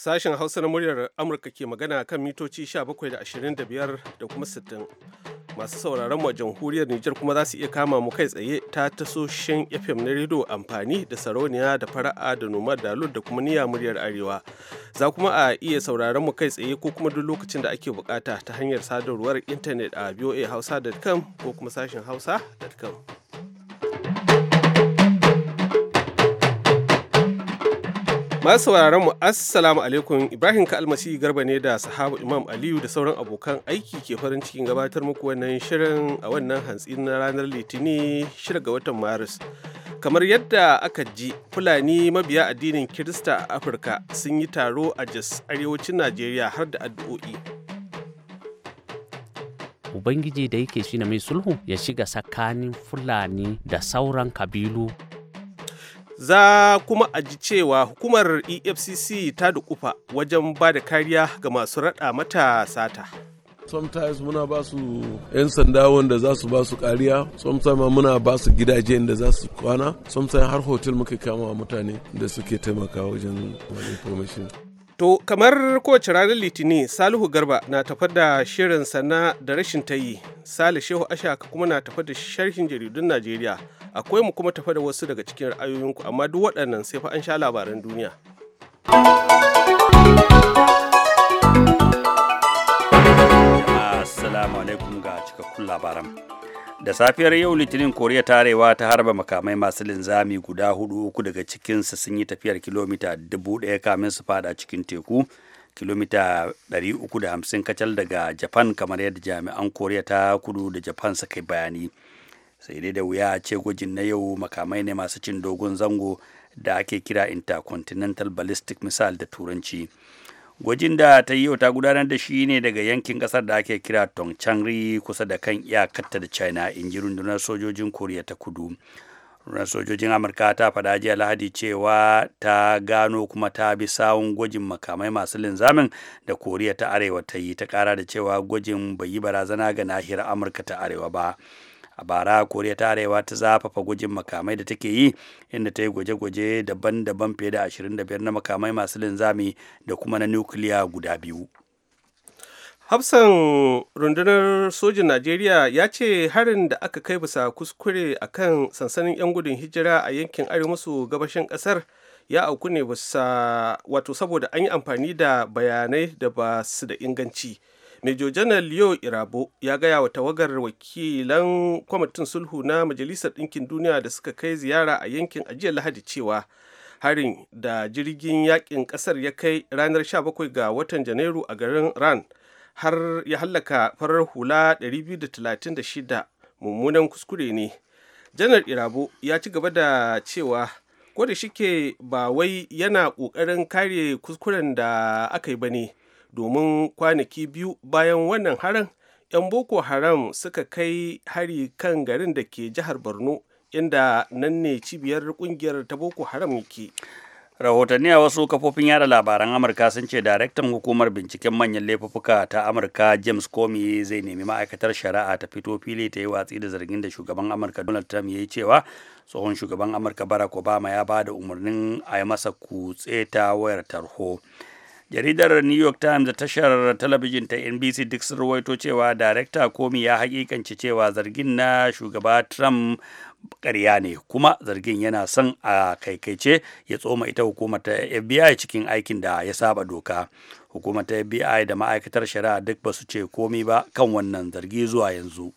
Sashen Hausa na muryar Amurka ke magana kan mitoci 17 da 25 da kuma 60. Masu sauraron wa jamhuriyar Nijar kuma za su iya kama mu kai tsaye ta tasoshin FM na rediyo amfani da sarauniya da fara'a da noma da da kuma niya muryar Arewa. Za kuma a iya sauraron mu kai tsaye ko kuma duk lokacin da ake bukata ta hanyar sadarwar intanet a voahausa.com ko kuma sashen hausa.com. Masu sauraron mu Assalamu alaikum Ibrahim Kalmasi Garba ne da sahabu Imam Aliyu da sauran abokan aiki ke farin cikin gabatar muku wannan shirin a wannan hantsi na ranar Litini shirin ga watan Maris. Kamar yadda aka ji Fulani mabiya addinin Kirista a Afirka sun yi taro a Jos arewacin Najeriya har da addu'o'i. Ubangiji da yake shi mai sulhu ya shiga tsakanin Fulani da sauran kabilu za kuma a ji cewa hukumar efcc ta dukufa wajen ba da kariya ga masu raɗa mata sata sometimes muna ba su 'yan sanda wanda za su ba su kariya sometimes muna ba su gidaje inda za su kwana sometimes har hotel muka kama mutane da suke taimaka wajen information To kamar kowace ranar Litinin Salihu Garba na tafar da shirin sana da rashin tayi, Sale Shehu Ashaka kuma na tafar da sharhin jaridun Najeriya. akwai mu kuma tafi da wasu daga cikin ra'ayoyinku amma duk waɗannan sai fa an sha labaran duniya assalamu alaikum ga cikakkun labaran da safiyar yau litinin koriya ta arewa ta harba makamai masu linzami guda hudu uku daga cikinsu sun yi tafiyar kilomita dubu ɗaya kamin su fada cikin teku kilomita 350 kacal daga japan kamar yadda jami'an koriya ta kudu da japan suka bayani sai dai da wuya ce gwajin na yau makamai ne masu cin dogon zango da ake kira intercontinental ballistic missile da turanci gwajin da ta yi ta gudanar da shi ne daga yankin kasar da ake kira tongchangri kusa da kan iyakarta da china in ji rundunar sojojin koriya ta kudu rundunar sojojin amurka ta faɗa jiya lahadi cewa ta gano kuma ta bi sawun gwajin makamai masu linzamin da koriya ta arewa ta yi ta kara da cewa gwajin bai yi barazana ga nahiyar amurka ta arewa ba a bara koriya ta arewa ta zafafa gwajin makamai da take yi inda ta yi gwaje-gwaje daban-daban fiye da 25 na makamai masu linzami da kuma na nukiliya guda biyu hafsan rundunar sojin najeriya ya ce harin da aka kai bisa kuskure a kan sansanin 'yan gudun hijira a yankin arewa maso gabashin kasar ya auku ne bisa wato saboda an yi amfani da bayanai da ba su da inganci Major janar Leo Irabo ya gaya wa tawagar wakilan kwamitin sulhu na Majalisar Ɗinkin Duniya da suka kai ziyara a yankin ajiyar Lahadi cewa harin da jirgin yakin ƙasar ya kai ranar 17 ga watan Janairu a garin Ran har ya hallaka farar hula 236 mummunan kuskure ne. Janar Irabo ya ci gaba da cewa ko da shike ba wai yana ƙoƙarin kare kuskuren da aka yi ba ne domin kwanaki biyu bayan wannan harin 'yan boko haram suka kai hari kan garin da ke jihar borno inda nan ne cibiyar kungiyar ta boko haram yake rahotanni a wasu kafofin yada labaran amurka sun ce daraktan hukumar binciken manyan laifuka ta amurka james comey zai nemi ma'aikatar shari'a ta fito fili ta yi watsi da zargin da shugaban amurka donald trump ya yi cewa tsohon shugaban amurka barack obama ya ba da umarnin a yi masa kutse ta wayar tarho. jaridar new york times da tashar talabijin ta nbc duk sun rawaito cewa darekta komi ya hakikanci cewa zargin na shugaba trump ƙarya ne kuma zargin yana son a kaikaice ya tsoma ita hukumar ta fbi cikin aikin da ya saba doka hukumar ta fbi da ma'aikatar shari'a duk ba su ce komi ba kan wannan zargi zuwa yanzu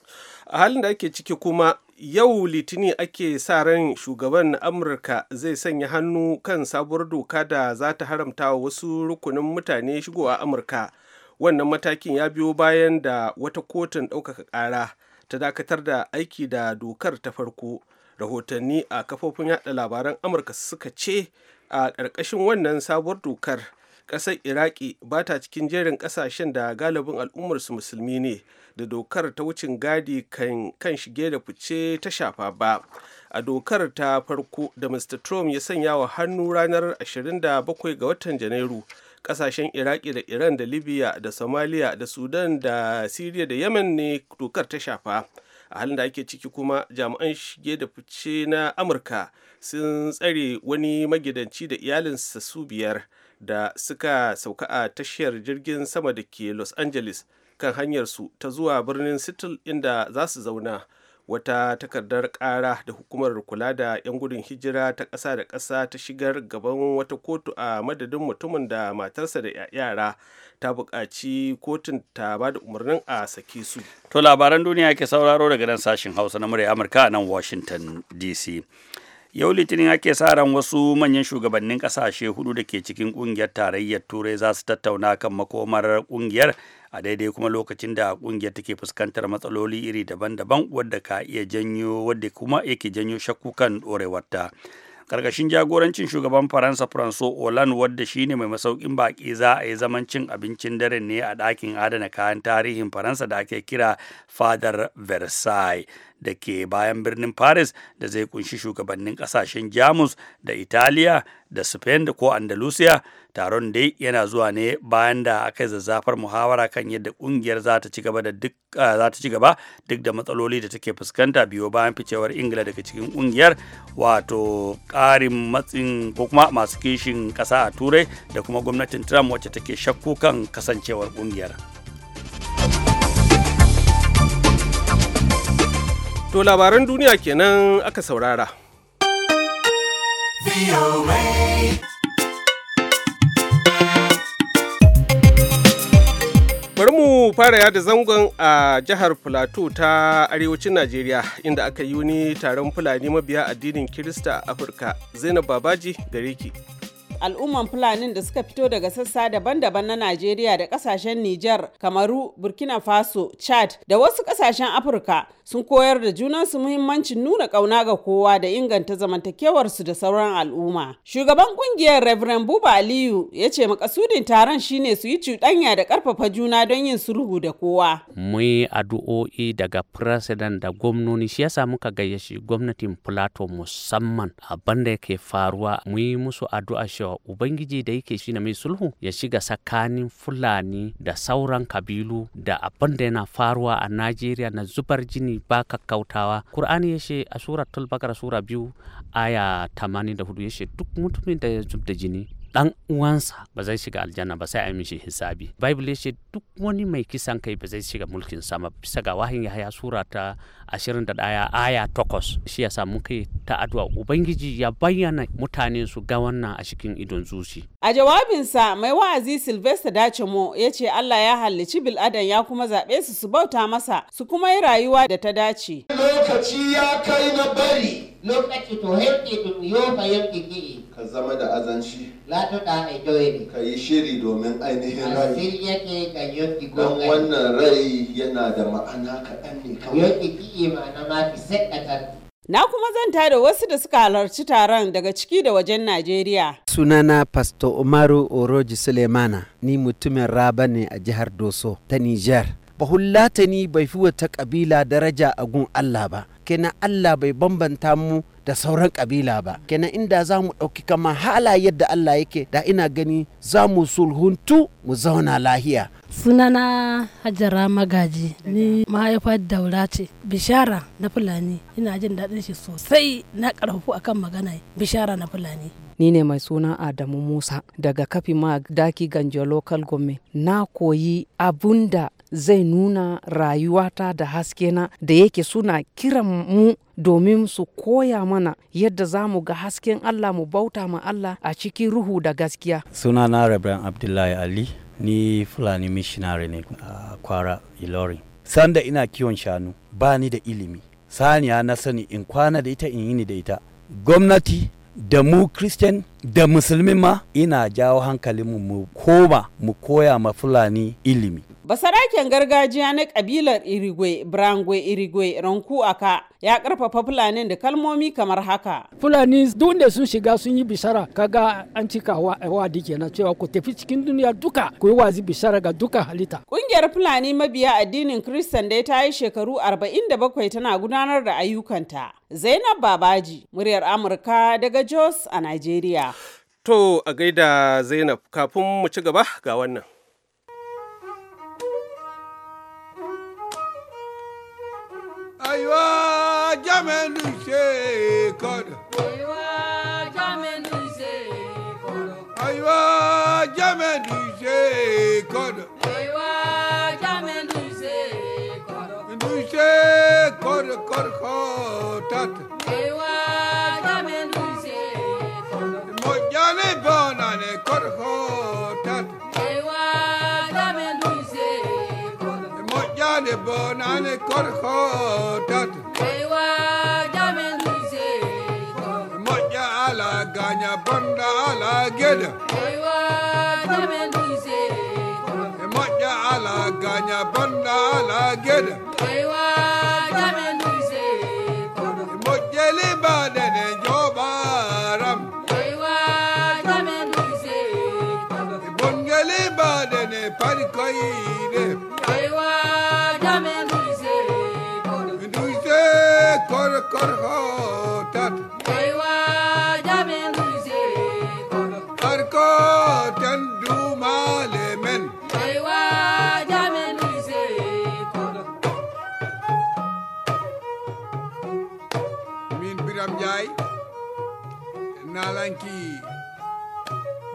a halin da ake ciki kuma yau litini ake sa ran shugaban amurka zai sanya hannu kan sabuwar doka da za ta haramta wa wasu rukunin mutane shigo a amurka wannan matakin ya biyo bayan da wata kotun ɗaukaka ƙara ta dakatar da aiki da dokar ta farko rahotanni a kafofin yada labaran amurka suka ce a ƙarƙashin wannan sabuwar dokar ƙasar iraki ba ta cikin jerin ƙasashen da galibin al'ummarsu musulmi ne da dokar ta wucin gadi kan shige da fice ta shafa ba a dokar ta farko da mr trump ya sanya wa hannu ranar 27 ga watan janairu ƙasashen iraki da iran da libya da somalia da sudan da syria da yemen ne dokar ta shafa a halin da ake ciki kuma jami'an shige da fice na amurka sun tsare wani magidanci da iyalinsa su biyar da suka sauka a tashiyar jirgin sama da ke los angeles kan hanyarsu ta zuwa birnin seattle inda za su zauna wata takardar ƙara da hukumar kula da 'yan gudun hijira ta ƙasa da ƙasa ta shigar gaban wata kotu a madadin mutumin da matarsa da yara ta buƙaci kotun ta ba da umarnin a sake su. To labaran duniya ke sauraro daga nan sashen Hausa na murya Amurka a nan Washington DC. yau litinin ake sa ran wasu manyan shugabannin kasashe hudu da ke cikin kungiyar tarayyar turai za su tattauna kan makomar kungiyar a daidai kuma lokacin da kungiyar take fuskantar matsaloli iri daban-daban wadda ka iya janyo wadda kuma yake janyo shakku kan ɗorewarta. karkashin jagorancin shugaban faransa franco olan wadda shine mai masaukin baƙi za a yi zaman cin abincin dare ne a ɗakin adana kayan tarihin faransa da ake kira fadar versailles da ke bayan birnin paris da zai kunshi shugabannin kasashen jamus da italiya da spain da ko andalusia taron dai yana zuwa ne bayan da aka yi zazzafar muhawara kan yadda kungiyar za ta ci gaba duk ci gaba duk da matsaloli da take fuskanta biyo bayan ficewar ingila daga cikin kungiyar wato karin matsin ko kuma masu kishin kasa a turai da kuma gwamnatin trump wacce take shakku kan kasancewar kungiyar. To labaran duniya kenan aka saurara. Bari mu fara yada zangon a jihar Filato ta arewacin Najeriya inda aka yi wani taron Fulani mabiya addinin Kirista a Afirka. Zainab Babaji gare ki. al'umman Fulanin da suka fito daga sassa daban-daban na Najeriya da kasashen Nijar, Kamaru, Burkina Faso, Chad da wasu kasashen Afirka sun koyar da junansu muhimmancin nuna ƙauna ga kowa da inganta zamantakewarsu da sauran al'umma. Shugaban kungiyar Reverend Buba Aliyu ya ce makasudin taron shine su yi cuɗanya da ƙarfafa juna don yin sulhu da kowa. Mu yi addu'o'i daga president da gwamnoni shi yasa muka gayyaci gwamnatin Plateau musamman abin da yake faruwa mu yi musu addu'a shi da ubangiji da yake shine mai sulhu ya shiga tsakanin fulani da sauran kabilu da abin da yana faruwa a najeriya na zubar jini ba kakkautawa kur'ani ya ce a suratul bakara sura biyu aya 84 ya ce duk mutumin da ya zub da jini dan uwansa ba zai shiga aljanna ba sai a mishi hisabi bible ya ce duk wani mai kisan kai ba zai shiga mulkin sama bisa ga wahin yahaya sura ta 21 aya takwas shi yasa muke ta addu'a ubangiji ya bayyana mutane su ga wannan a cikin idon zuci A jawabinsa mai wa'azi Sylvester Dacimo ya ce Allah ya halici bil'adan ya kuma zaɓe su su bauta masa su kuma yi rayuwa da ta dace. Lokaci ya kai na bari. Lokaci to yanke tun yau fa yanke ke. Ka zama da azanci. Latu da mai doye Ka yi shiri domin ainihin rai. Asir yake ka yanke gonga. Don wannan rai yana da ma'ana kaɗan ne kawai. Yanke ki ma'ana ma fi sai Na kuma zanta da wasu da suka halarci taron daga ciki da wajen Najeriya. Sunana Pastor Umaru Oroji Sulemana, ni mutumin Raba ne a jihar Doso ta Nijar. ni bai fi wata ƙabila daraja a gun Allah ba, kenan Allah bai bambanta mu da sauran ƙabila ba kenan inda za mu ɗauki kama hala yadda Allah yake da ina gani za mu sulhuntu mu zauna lahiya sunana hajjara magaji ni mahaifar daura ce bishara na fulani ina jin daɗin shi sosai na ƙarfafu akan magana bishara na fulani ni ne mai suna adamu musa daga kafi ma daki ganjo local gome na koyi abunda zai nuna rayuwata da na da yake suna kiran mu domin su koya mana yadda za mu ga hasken allah mu bauta ma allah a cikin ruhu da gaskiya sunana rabin abdullahi ali ni fulani missionary ne a kwara ilorin sanda ina kiwon shanu ba ni da ilimi saniya na sani in kwana da ita in yi ni da ita gwamnati da mu christian da musulmi ma ina jawo hankalin mu koma mu koya ma fulani ilimi Basaraken gargajiya na kabilar Irigwe, Brangwe Irigwe, Ranku Aka ya karfafa Fulanin da kalmomi kamar haka. Fulani duk da sun shiga sun yi bishara kaga an cika wa dike na cewa ku tafi cikin duniya duka ku yi wazi bishara ga duka halitta. Kungiyar Fulani mabiya addinin Kristan da ta yi shekaru 47 tana gudanar da ayyukanta. Zainab Babaji, muryar Amurka daga Jos a Najeriya. To a gaida Zainab kafin mu ci gaba ga wannan. Aywa jamenu se kodo. Aywa jamenu se kodo. Aywa jamenu se kodo. Aywa jamenu se kodo. Nu se kodo Aywa konane kor khotat ewa jamen lise moja ala ganya bonda ala geda ewa jamen lise moja ala ganya bonda ala geda ewa Biram Ndiaye nalanki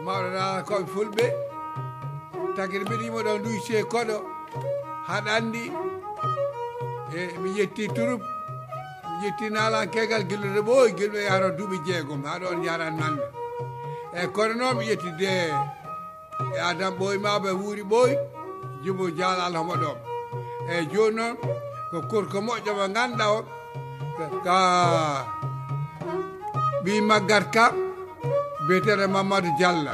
Marana nala koɓe fulɓe tagir mbiɗa yimo ɗo duyse andi e mi yetti turup mi yetti nalankegal gillude ɓooy gilɗo yaro duuɓi jeegom haɗo on jaran nande e kono noon mi yettide e adam boy maɓe wuuri boy jumo jaal alhamo ɗom eyyi joni noon ko korko moƴƴo mo ganduɗa o ka ɓima garka biyeteɗo mamadou diallo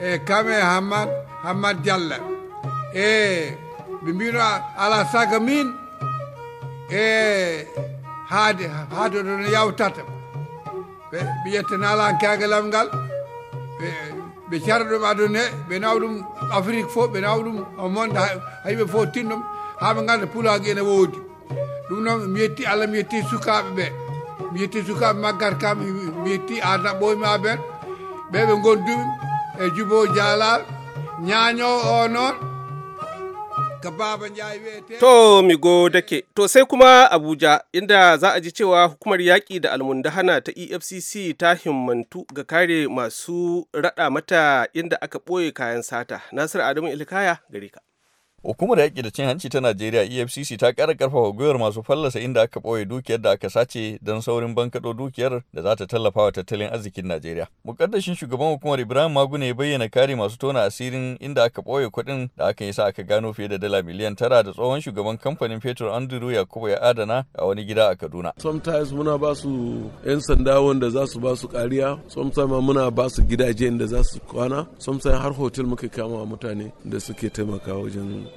e kame hamad hamad diallo e ɓe mbino ala saga min e haade haade ɗo no yawtata ɓe ƴettana ala kagalal ngal ɓe cara ɗum aduna he ɓe nawa ɗum afrique fof ɓe nawa ɗum monde hayɓe fof tinɗum haaɓe ganda pulago ene woodi ɗum noon mi yetti allah mi yetti sukaɓe ɓe mi yetti sukaɓe maggat kam mi yetti adna ɓoymi amen ɓeɓe gondumi e jubo dialal ñañowo o noon ka baba wiyete to mi godake to sai kuma abuja inda za a ji cewa hukumar yaƙi da almundahana ta efcc ta himmantu ga kare masu raɗa mata inda aka ɓoye kayan sata nasiru adamu ilkaya gare ka Hukumar yaƙi da cin hanci ta Najeriya EFCC ta ƙara ƙarfafa gwiwar masu fallasa inda aka ɓoye dukiyar da aka sace don saurin bankaɗo dukiyar da za ta tallafa wa tattalin arzikin Najeriya. Muƙaddashin shugaban hukumar Ibrahim Magune ya bayyana kare masu tona asirin inda aka ɓoye kuɗin da aka yi sa aka gano fiye da dala miliyan tara da tsohon shugaban kamfanin fetur Andrew Yakubu ya adana a wani gida a Kaduna. Sometimes muna ba su 'yan sanda wanda za su ba su kariya, sometimes muna ba su gidaje da za su kwana, sometimes har hotel muka kama mutane da suke taimaka wajen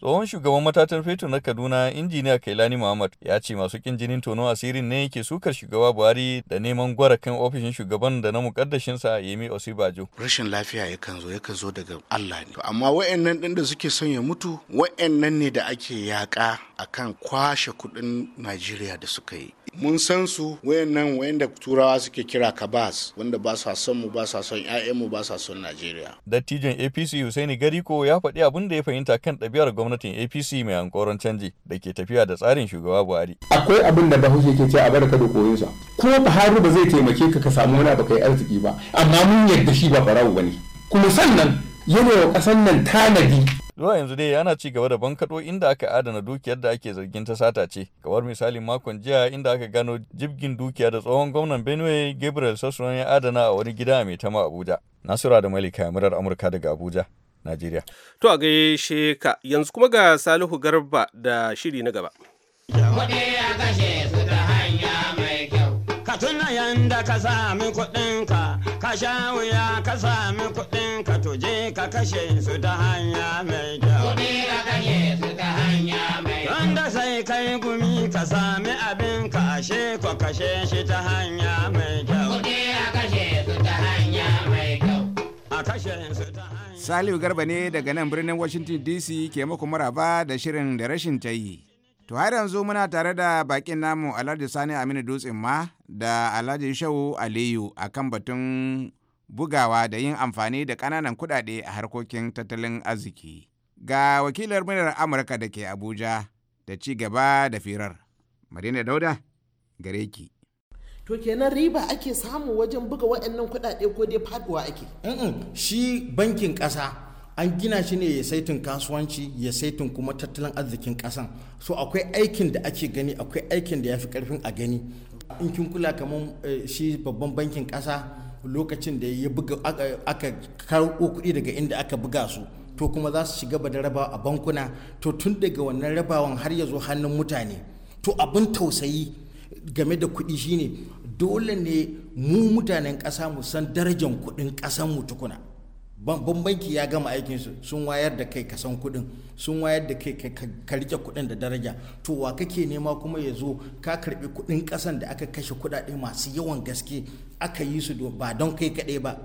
Tsohon shugaban matatan fetur na Kaduna, injiniya Kailani Muhammad, ya ce masu kin jinin tono asirin ne yake sukar shugaba Buhari da neman gwara kan ofishin shugaban da na mukaddashinsa Yemi Osibajo. Rashin lafiya yakan zo yakan zo daga Allah ne. Amma wa'annan ɗin da suke son ya mutu, wa'annan ne da ake yaƙa kan kwashe kuɗin Najeriya da suka yi. mun san su wayannan wayanda turawa suke kira ka bas wanda ba sa son mu ba sa son 'ya'yanmu ba sa son Najeriya. Dattijon APC Hussaini Gariko ya faɗi abin da ne fahimta kan ɗabi'ar gwamnatin APC mai hankoron canji da ke tafiya da tsarin shugaba Buhari. Akwai abin da ba ke ce a barka da koyonsa. Ko Buhari ba zai taimake ka ka samu wani abu kai arziki ba, amma mun yadda shi ba farawo bane. Kuma sannan yana wa ƙasar nan tanadi zuwa yanzu dai yana ci gaba da bankaɗo inda aka adana dukiyar da ake zargin ta sata ce kamar misalin makon jiya inda aka gano jibgin dukiya da tsohon gwamnan benue gabriel sassuwan ya adana a wani gida mai tama abuja nasura da malika murar amurka daga abuja Najeriya. To a gaishe ka yanzu kuma ga Salihu Garba da shiri na gaba. yanda ka sami kuɗinka, ka sha ka sami kuɗinka ka kashe ka kashe su ta hanya mai sai kai gumi ka sami abin ka kashe shi ta hanya Salihu Garba ne daga nan birnin Washington DC ke muku maraba da shirin da rashin ta yi. To har yanzu muna tare da bakin namu Alhaji Sani Aminu Dutsen ma da Alhaji Shehu Aliyu a kan batun bugawa da yin amfani da ƙananan kuɗaɗe a harkokin tattalin arziki. Ga wakilar muryar Amurka da ke Abuja da ci gaba da firar. Madina Dauda, gare ki. to kenan riba ake samu wajen buga waɗannan kuɗaɗe ko dai faduwa ake shi bankin ƙasa an gina shi ne ya saitin kasuwanci ya saitin kuma tattalin arzikin ƙasan so akwai aikin da ake gani akwai aikin da ya fi ƙarfin a gani in kin kula kamar eh, shi babban bankin ƙasa lokacin da ya buga aka karɓo kuɗi daga inda aka buga su to kuma za su shiga da rabawa a bankuna to tun daga wannan rabawan har ya zo hannun mutane to abin tausayi game da kuɗi shine dole ne mu mutanen ƙasa mu san darajar kuɗin ƙasan mu tukuna babban banki ya gama aikinsu sun wayar da kai kasan kuɗin sun wayar da kai ka rike kuɗin da daraja to wa kake nema kuma ya zo ka karɓi kuɗin ƙasan da aka kashe kuɗaɗe masu yawan gaske aka yi su ba don kai kaɗai ba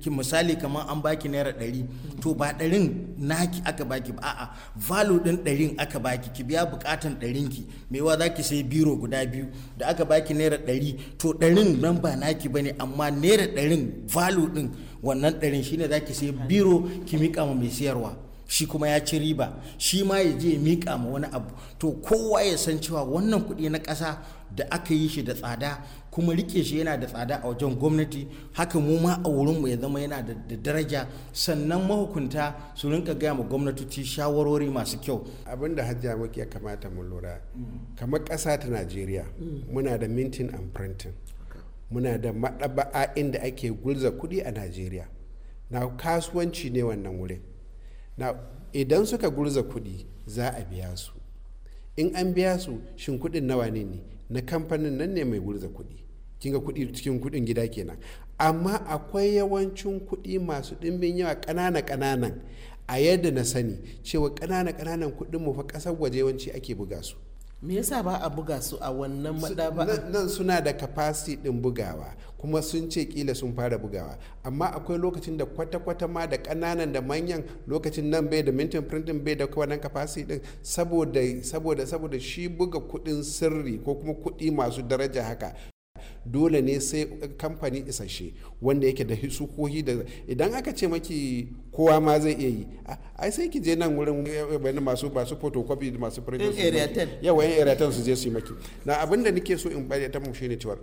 ki misali kamar an baki naira ɗari to ba ɗarin naki aka baki ba a'a valo ɗin ɗarin aka baki ki biya buƙatan ɗarin ki mewa za ki sai biro guda biyu da aka baki naira ɗari to ɗarin nan ba naki bane amma naira ɗarin valo ɗin wannan ɗarin shine za ki sai biro ki miƙa ma mai siyarwa shi kuma ya ci riba shi ma ya je miƙa ma wani abu to kowa ya san cewa wannan kuɗi na ƙasa da aka yi shi da tsada kuma rike shi yana da tsada a wajen gwamnati haka mu ma a mu ya zama yana da daraja sannan mahukunta su rinka gaya ma gwamnatoci shawarori masu kyau abin da hajja maki ya kamata mu lura mm. kamar ƙasa ta najeriya mm. muna da mintin and printing muna da maɗaba'a inda ake gulza kuɗi a najeriya na kasuwanci ne wannan wurin na idan suka gulza kuɗi za a biya su in an biya su shin kuɗin nawa ne ne na kamfanin nan ne mai gurza kuɗi kinga kuɗi cikin kuɗin gida kenan amma akwai yawancin kuɗi masu ɗimbin yawa ƙanana ƙananan a yadda na sani cewa ƙanana ƙananan kuɗin mu fa ƙasar waje yawanci ake buga su me yasa ba a buga su a wannan madaba nan suna da capacity din bugawa kuma sun ce kila sun fara bugawa amma akwai lokacin da kwata-kwata ma da kananan da manyan lokacin nan bai da mintin printing bai da wannan capacity din saboda saboda saboda shi buga kuɗin sirri ko kuma kudi masu daraja haka dole ne sai kamfani isasshe wanda yake da sukohi da idan aka ce maki kowa ma zai iya yi ai sai ki je nan wurin eh, bayan masu masu photocopy da masu print yawa yan area su je su yi maki na abin da nake so in bayyana ta mu shine cewa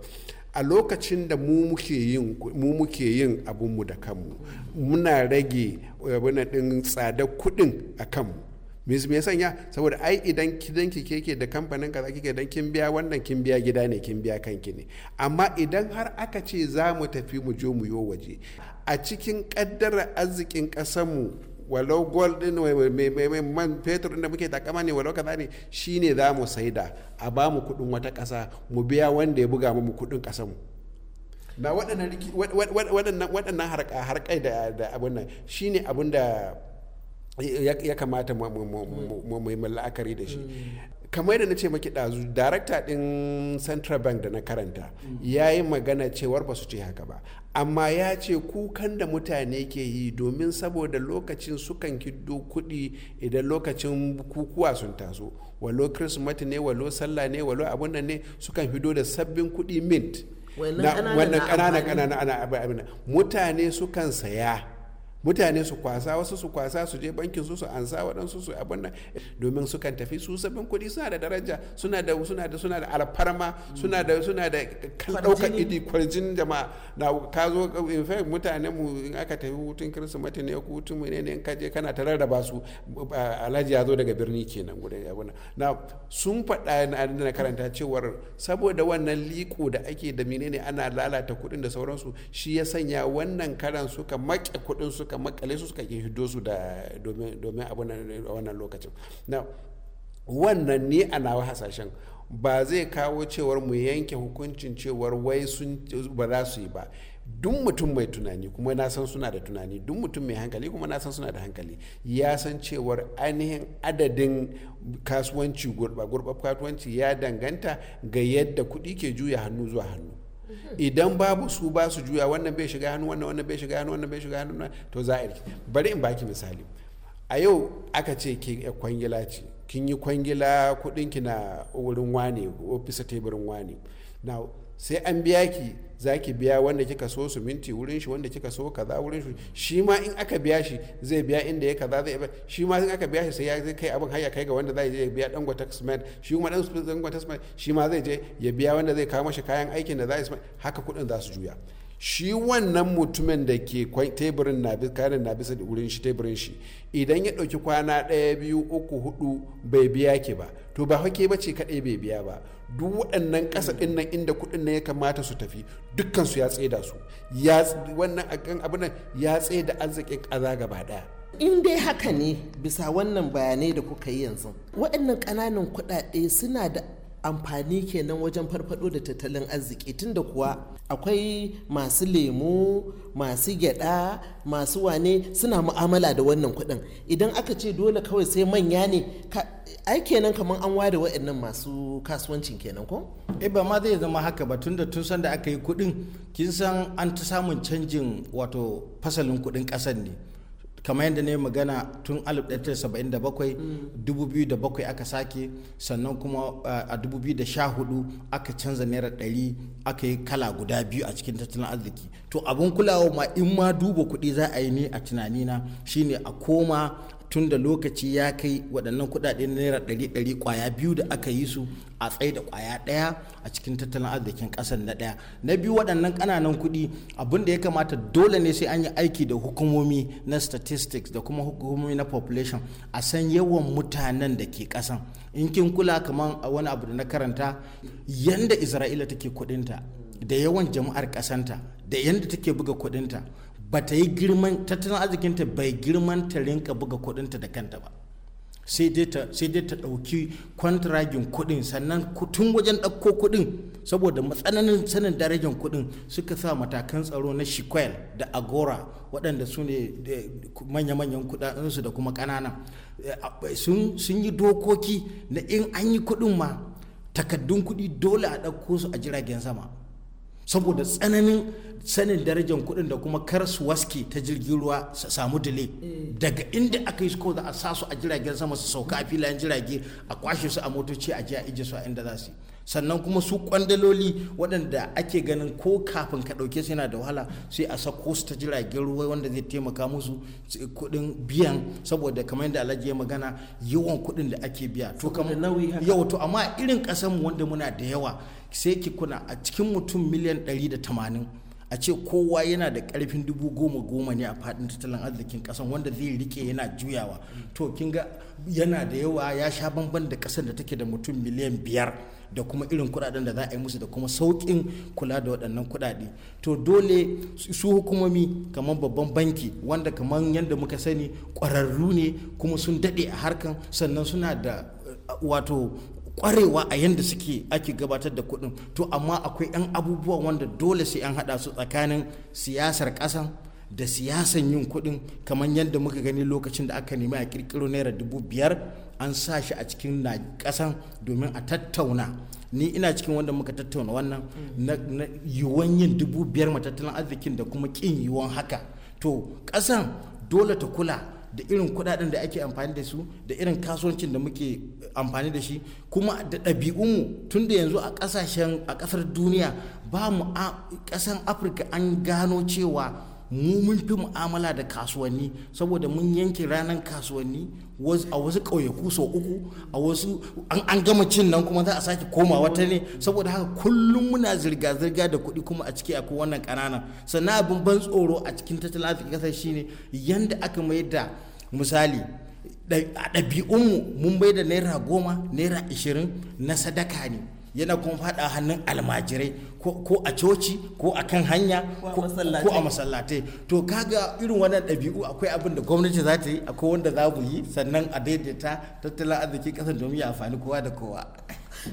a lokacin da mu muke yin mu muke yin abun mu da kanmu muna rage eh, abin din tsada kuɗin a kanmu me me sanya saboda ai idan kidan ki keke da kamfanin kaza kike dan kin biya wannan kin biya gida ne kin biya kanki ne amma idan har aka ce za mu tafi mu je mu yo waje a cikin kaddara arzikin kasar mu walau gold din man fetur da muke takama ne walau kaza ne shine za mu saida a ba mu kudin wata kasa mu biya wanda ya buga mu kudin kasar mu na waɗannan harkai da abin nan shine abin da ya kamata mu yi la'akari da shi kamar yadda na ce maki ɗazu darakta ɗin central bank da na karanta ya yi magana cewar ba su ce haka ba amma ya ce kukan da mutane ke yi domin saboda lokacin sukan kiddo kuɗi idan lokacin kukuwa sun taso walo christmas ne walo sallah ne walo abun ne sukan hido da sabbin kuɗi mint wannan ƙananan ƙananan mutane sukan saya mutane su kwasa wasu su kwasa su je bankin su su ansa waɗansu su abin nan domin su kan tafi su sabbin kuɗi suna da daraja suna da suna da suna da alfarma suna da suna da ɗaukar idi kwarjin jama'a na ka zo in fa mutane mu in aka tafi hutun kirsimati ne ko hutun mu ne in ka je kana ta rarraba su alhaji ya zo daga birni kenan guda abin na sun faɗa na karanta cewar saboda wannan liƙo da ake da menene ana lalata kuɗin da sauransu shi ya sanya wannan karan suka maƙe kuɗin su. suka makale su suka hiddo su da domin abin wannan lokacin na wannan ni a nawa hasashen ba zai kawo cewar mu yanke hukuncin cewar wai sun ba za su yi ba duk mutum mai tunani kuma na san suna da tunani duk mutum mai hankali kuma na san suna da hankali ya san cewar ainihin adadin kasuwanci gurba gurba kasuwanci ya danganta ga yadda kuɗi ke juya hannu zuwa hannu idan babu su ba su juya wannan bai shiga hannu wannan wannan bai shiga hannu wannan bai shiga hannu to za a yi bari in baki misali a yau aka ce ke kwangila ce kin yi kwangila kudin ki na wurin wane ofisa teburin wane now sai an biya ki za ki biya wanda kika so su minti wurin shi wanda kika so kaza wurin shi shi ma in aka biya shi zai biya inda ya kaza zai shi ma in aka biya shi sai ya zai kai abin har ya kai ga wanda zai je ya biya dan gwata cement shi kuma dan gwata cement shi ma zai je ya biya wanda zai kawo mashi kayan aikin da za su haka kudin za su juya shi wannan mutumin da ke teburin na bi kayan na bisa wurin shi teburin shi idan ya ɗauki kwana ɗaya biyu uku hudu bai biya ki ba to ba hake ba ce bai biya ba duk waɗannan ƙasa ɗin nan inda kuɗin nan ya kamata su tafi dukkansu su ya da su ya wannan akan abin nan ya da arzikin ƙaza gaba ɗaya in dai haka ne bisa wannan bayanai da kuka yi yanzu waɗannan ƙananan kuɗaɗe suna da amfani kenan wajen farfado da tattalin arziki tunda kuwa akwai masu lemu masu gyada masu wane suna mu'amala da wannan kuɗin idan aka ce dole kawai sai manya ne ai kenan kamar an ware wa'annan masu kasuwancin kenan ko eh ba ma zai zama haka ba tunda tun san da aka yi kudin kin san an ta samun canjin wato fasalin kudin ƙasan ne kamar yadda ne magana tun 1977 2007 aka sake sannan kuma eh, a 2014 aka canza naira 100 aka yi kala guda biyu a cikin tattalin arziki to abin kulawa ma in ma duba kuɗi za a yi ne a tunanina shine a koma tun da lokaci ya kai waɗannan kuɗaɗe naira ɗari ɗari ƙwaya biyu da aka yi su a tsaye da ƙwaya ɗaya a cikin tattalin arzikin ƙasar na ɗaya na biyu waɗannan ƙananan kuɗi abin da ya kamata dole ne sai an yi aiki da hukumomi na statistics da kuma hukumomi na population a san yawan mutanen da ke ƙasan in kin kula kamar wani abu da na karanta yanda isra'ila take kuɗinta da yawan jama'ar ƙasanta da yanda take buga kuɗinta ba ta yi girman tattalin arzikinta bai girman ta rinka buga kudinta da kanta ba sai dai ta ɗauki kwantragin kuɗi sannan tun wajen ɗauko kuɗi saboda matsananin sanin darajar kuɗin suka sa matakan tsaro na shikwel da agora waɗanda su ne manya-manyan su da kuma ƙanana eh, sun yi dokoki na in an yi kuɗin ma takaddun kuɗi dole a ɗauko su a jiragen sama saboda tsananin sanin darajar kuɗin da kuma kar su waske ta jirgin ruwa su samu dile daga inda aka yi su kawai a sa su a jiragen sama su sauka a filayen jirage a kwashe su a motoci a je a ije su a inda za su yi sannan kuma su kwandaloli waɗanda ake ganin ko kafin ka ɗauke su yana da wahala sai a sako su ta jiragen ruwa wanda zai taimaka musu kuɗin biyan saboda kamar yadda alhaji ya magana yawan kuɗin da ake biya to yau to amma irin ƙasarmu wanda muna da yawa sai ki kuna a cikin mutum miliyan ɗari da tamanin a ce kowa yana da ƙarfin dubu goma goma ne a faɗin tattalin arzikin kasan wanda zai rike yana juyawa to kin ga yana da yawa ya sha bamban da ƙasar da take da mutum miliyan biyar da kuma irin kudaden da za a yi musu da kuma sauƙin kula da waɗannan kudade to dole su hukumomi kamar babban banki wanda kamar yadda muka sani ƙwararru ne kuma sun daɗe a harkan sannan suna da uh, wato ƙwarewa a yadda suke ake gabatar da kuɗin to amma akwai 'yan abubuwa wanda dole sai an haɗa su tsakanin siyasar ƙasa. da siyasan yin kuɗin kamar yadda muka gani lokacin da aka nemi a kirkiro naira dubu biyar an sa shi a cikin na ƙasan domin a tattauna ni ina cikin wanda muka tattauna wannan na yiwon yin dubu biyar matattalin arzikin da kuma kin yiwon haka to ƙasan dole ta kula da irin kuɗaɗen da ake amfani da su da irin kasuwancin da muke amfani da shi kuma da ɗabi'unmu tun da yanzu a ƙasashen a kasar duniya ba mu ƙasan afirka an gano cewa mu mun fi mu'amala da kasuwanni saboda mun yanke ranar kasuwanni a wasu ƙauyaku sau uku a wasu an gama cin nan kuma za a sake koma wata ne saboda haka kullum muna zirga-zirga da kuɗi kuma a ciki akwai wannan ƙananan sannan abin ban tsoro a cikin tattalin arzikin ƙasar shine yanda aka mai da misali a ɗabi'unmu mun bai da naira goma naira ashirin na sadaka ne yana kuma faɗa hannun almajirai ko a coci ko a kan hanya ko a masallatai to kaga irin wannan ɗabi'u akwai abin da gwamnati za ta yi akwai wanda za mu yi sannan a daidaita tattalin arziki ƙasar domin ya amfani kowa da kowa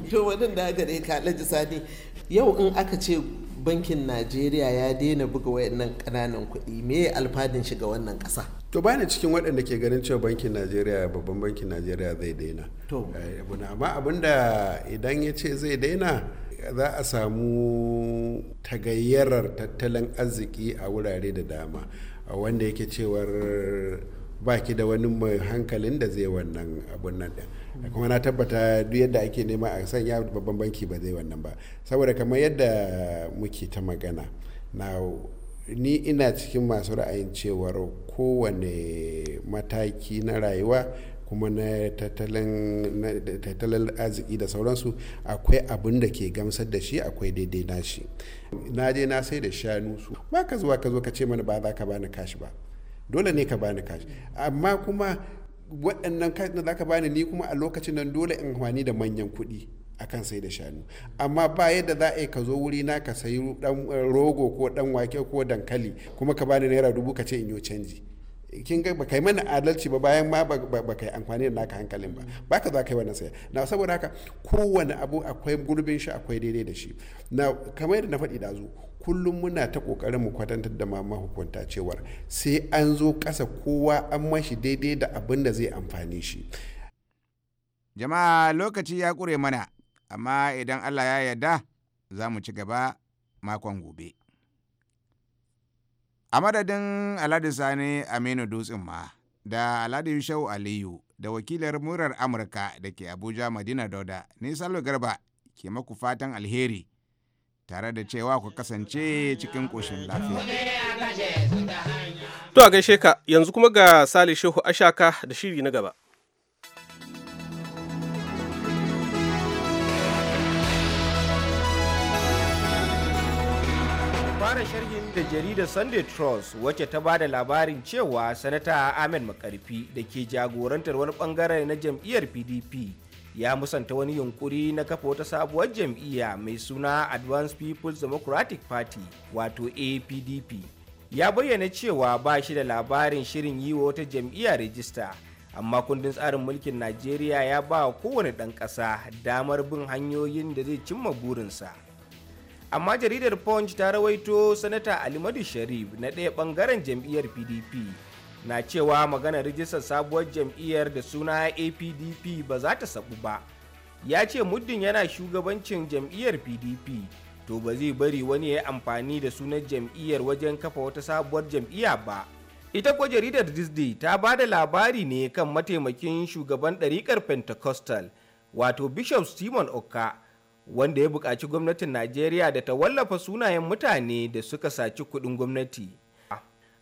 to wannan da gare ka sani yau in aka ce bankin najeriya ya daina buga wayannan ƙananan kuɗi me alfadin shiga wannan ƙasa to bani cikin waɗanda ke ganin cewa bankin najeriya babban bankin najeriya zai daina to eh, amma abinda idan ya ce zai daina za a samu tagayyarar tattalin arziki a wurare da dama wanda yake cewar baki da wani mai hankalin da zai wannan abun nan din kuma na tabbata duk yadda ake nema a sanya babban banki ba zai wannan ba saboda kamar yadda muke ta magana na ni ina cikin masu ra'ayin cewar kowane mataki na rayuwa kuma na tattalin arziki da sauransu akwai abin da ke gamsar da shi akwai daidai na shi na je na sai da shanu su ba ka zuwa ka zo ka ce mana ba za ka bani kashi ba dole ne ka bani kashi amma kuma waɗannan kashi da za ka bani ni kuma a lokacin nan dole in amfani da manyan kuɗi akan sai da shanu amma ba yadda za a yi ka zo wuri na ka sayi eh, rogo ko dan wake ko dankali kuma ka bani naira dubu ka ce in yi canji kin ga baka yi mana adalci ba bayan ma baka yi amfani da naka hankalin ba baka za ka yi wannan sai na saboda haka kowane abu akwai gurbin shi akwai daidai da shi na kamar yadda na faɗi da zu kullum muna ta kokarin mu kwatantar da mama hukunta cewar sai an zo kasa kowa an mashi daidai da abin da zai amfani shi jama'a lokaci ya kure mana amma idan Allah ya yarda za mu ci gaba makon gobe a madadin alhaji sani aminu dutsen ma da alhaji shau aliyu da wakilar murar amurka da ke abuja madina dauda ni salo garba ke maku fatan alheri tare da cewa ku kasance cikin ƙoshin lafiya to a gaishe ka yanzu kuma ga sale shehu ashaka da shiri na gaba fara sharhin da jaridar Sunday Trust wacce ta ba da labarin cewa Sanata Ahmed Makarfi da ke jagorantar wani bangare na jam'iyyar PDP ya musanta wani yunkuri na kafa wata sabuwar jam'iyya mai suna Advanced People's Democratic Party wato APDP. Ya bayyana cewa ba shi da labarin shirin yi wa wata jam'iyya rijista. amma kundin tsarin mulkin najeriya ya ba kowane ɗan ƙasa damar bin hanyoyin da zai cimma burinsa amma jaridar punch ta rawaito sanata alimadu sharif na ɗaya ɓangaren jam'iyyar pdp na cewa magana rijistar sabuwar jam'iyyar da suna apdp ba za ta sabu ba ya ce muddin yana shugabancin jam'iyyar pdp to ba zai bari wani ya yi amfani da sunan jam'iyyar wajen kafa wata sabuwar jam'iyya ba ita kuwa jaridar disney ta ba da labari ne kan mataimakin shugaban ɗariƙar pentecostal wato bishop simon oka wanda ya buƙaci gwamnatin Najeriya da ta wallafa sunayen mutane da suka saci kuɗin gwamnati.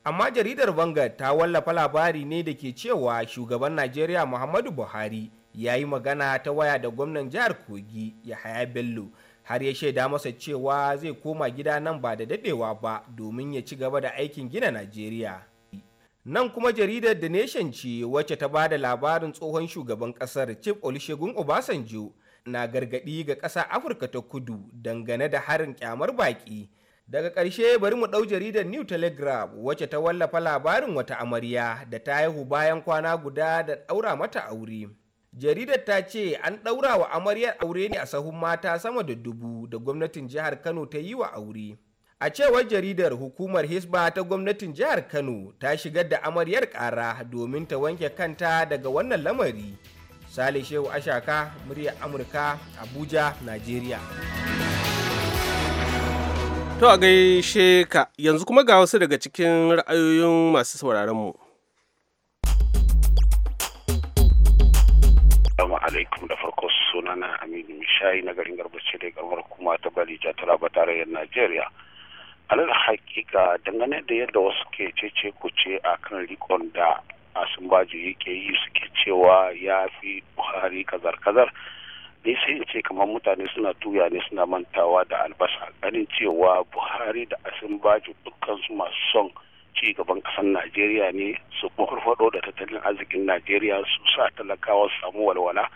Amma jaridar Vanguard ta wallafa labari ne da ke cewa shugaban Najeriya Muhammadu Buhari ya yi magana ta waya da gwamnan jihar Kogi ya haya Bello har ya shaida masa cewa zai koma gida nan ba da daɗewa ba domin ya ci gaba da aikin gina Najeriya. Nan kuma jaridar da Nation ce wacce ta ba da labarin tsohon shugaban ƙasar Chief Olusegun Obasanjo na gargaɗi ga ƙasa Afirka ta kudu dangane da harin kyamar baƙi. Daga ƙarshe bari mu ɗau jaridar New Telegraph wacce ta wallafa labarin wata amarya da ta haihu bayan kwana guda da ɗaura mata aure. Jaridar ta ce an ɗaura wa amaryar aure ne a sahun mata sama da dubu da gwamnatin jihar Kano ta yi wa aure. A cewar jaridar hukumar Hisba ta gwamnatin jihar Kano ta shigar da amaryar ƙara domin ta wanke kanta daga wannan lamari. Sale Shehu Ashaka, muryar Amurka, Abuja, Najeriya. To a gaishe ka yanzu kuma ga wasu daga cikin ra'ayoyin masu sauraronmu. Assalamu alaikum da farko sunana Aminu Mishayi na garin Garbace da garmar kuma ta Balija Taraba tarayyar Najeriya. Alal hakika dangane da yadda wasu ke cece ce a kan rikon da kasim baji yake yi suke cewa ya fi buhari kazar-kazar ne sai in ce kamar mutane suna tuya ne suna mantawa da albasa ganin cewa buhari da asin baji dukkan su masu son ci gaban kasar najeriya ne su farfado da tattalin arzikin najeriya su sa talakawa su samu walwala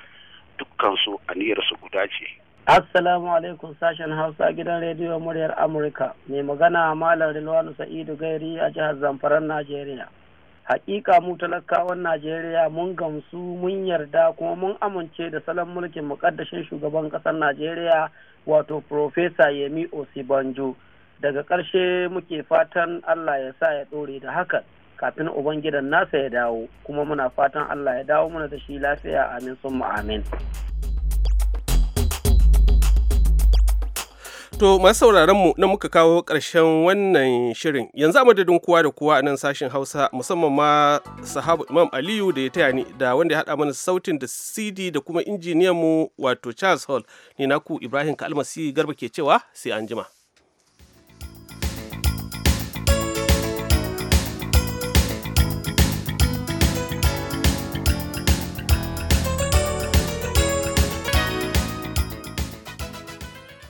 dukkan su aniyar su guda ce Assalamu alaikum sashen Hausa gidan rediyo muryar Amurka. Mai magana Malam Rilwanu Sa'idu Gairi a jihar Zamfaran Najeriya. hakika mu talakawan najeriya mun gamsu mun yarda kuma mun amince da salon mulkin mukaddashin shugaban kasar najeriya wato profesa yemi osibanjo daga ƙarshe muke fatan allah ya sa ya ɗore da haka kafin ubangidan nasa ya dawo kuma muna fatan allah ya dawo mana da shi lafiya amin sun amin To masu mu na muka kawo ƙarshen wannan shirin yanzu a madadin kowa da kowa a nan sashen Hausa musamman ma sahabu Imam Aliyu da ya taya ni da wanda ya haɗa mana sautin da CD da kuma injiniyan mu wato Charles Hall ne naku Ibrahim Kalmasi Garba ke cewa sai an jima.